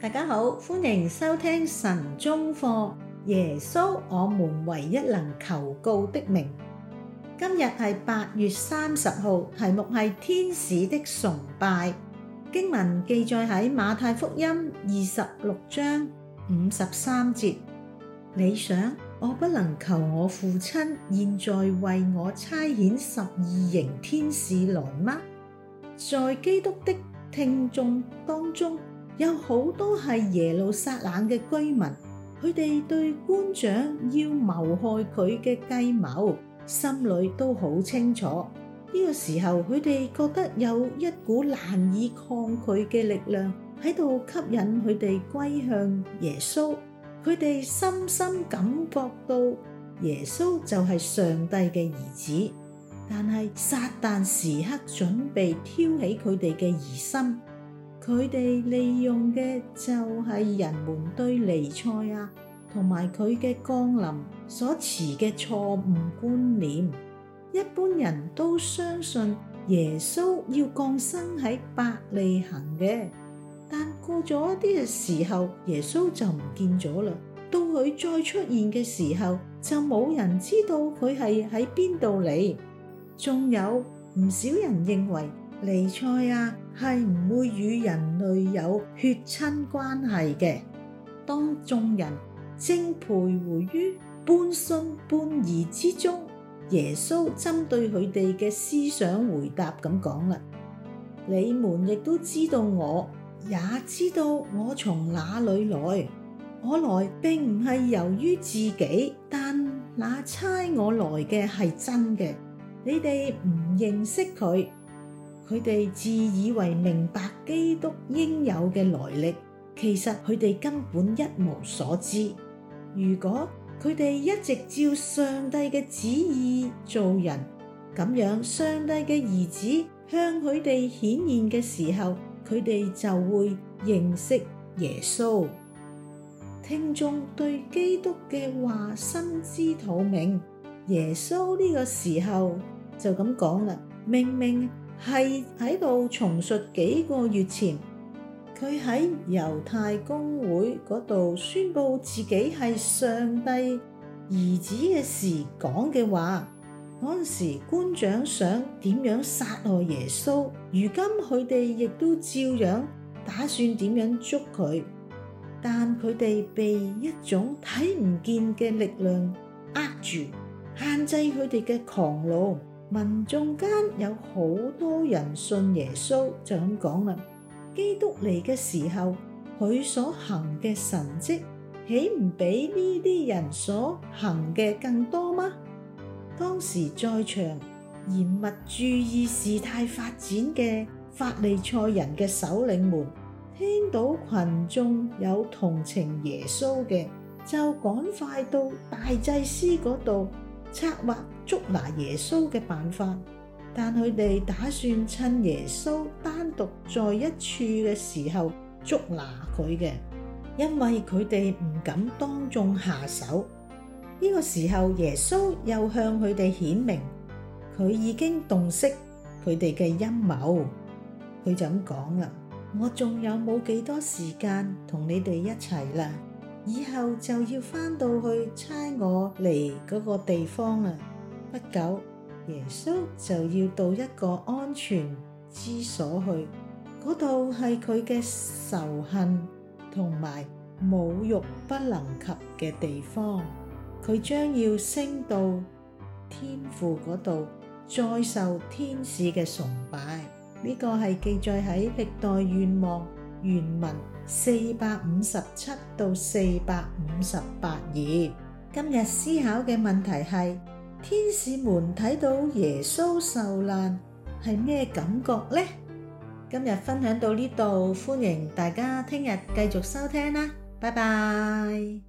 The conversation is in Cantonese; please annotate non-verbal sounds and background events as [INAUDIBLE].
大家好，歡迎收聽神中課，耶穌我們唯一能求告的名。今日係八月三十號，題目係天使的崇拜。經文記載喺馬太福音二十六章五十三節。你想，我不能求我父親現在為我差遣十二營天使來嗎？在基督的聽眾當中，有好多係耶路撒冷嘅居民，佢哋對官長要謀害佢嘅計謀，心裏都好清楚。呢個時候，佢哋覺得有一股難以抗拒嘅力量喺度吸引佢哋歸向耶穌。佢哋深深感覺到耶穌就係上帝嘅兒子，但係撒旦時刻準備挑起佢哋嘅疑心。佢哋利用嘅就係人們對彌賽亞，同埋佢嘅降臨所持嘅錯誤觀念。一般人都相信耶穌要降生喺伯利恆嘅，但過咗一啲嘅時候，耶穌就唔見咗啦。到佢再出現嘅時候，就冇人知道佢係喺邊度嚟。仲有唔少人認為，尼賽亞，係唔會與人類有血親關係嘅。當眾人正徘徊於半信半疑之中，耶穌針對佢哋嘅思想回答咁講啦： [NOISE] 你們亦都知道我，我也知道我從哪裏來，我來並唔係由於自己，但那差我來嘅係真嘅。你哋唔認識佢。佢哋自以為明白基督應有嘅來歷，其實佢哋根本一無所知。如果佢哋一直照上帝嘅旨意做人，咁樣上帝嘅兒子向佢哋顯現嘅時候，佢哋就會認識耶穌。聽眾對基督嘅話心知肚明，耶穌呢個時候就咁講啦：明明。係喺度重述幾個月前，佢喺猶太公會嗰度宣佈自己係上帝兒子嘅時講嘅話。嗰陣時官長想點樣殺害耶穌，如今佢哋亦都照樣打算點樣捉佢，但佢哋被一種睇唔見嘅力量壓住，限制佢哋嘅狂怒。民眾間有好多人信耶穌，就咁講啦。基督嚟嘅時候，佢所行嘅神蹟，豈唔比呢啲人所行嘅更多嗎？當時在場嚴密注意事態發展嘅法利賽人嘅首領們，聽到群眾有同情耶穌嘅，就趕快到大祭司嗰度。策劃捉拿耶穌嘅辦法，但佢哋打算趁耶穌單獨在一處嘅時候捉拿佢嘅，因為佢哋唔敢當眾下手。呢個時候，耶穌又向佢哋顯明，佢已經洞悉佢哋嘅陰謀。佢就咁講啦，我仲有冇幾多時間同你哋一齊啦？以後就要返到去差我嚟嗰個地方啦。不久，耶穌就要到一個安全之所去，嗰度係佢嘅仇恨同埋侮辱不能及嘅地方。佢將要升到天父嗰度，再受天使嘅崇拜。呢個係記載喺歷代願望。原文四百五十七到四百五十八頁。今日思考嘅問題係：天使們睇到耶穌受難係咩感覺呢？今日分享到呢度，歡迎大家聽日繼續收聽啦，拜拜。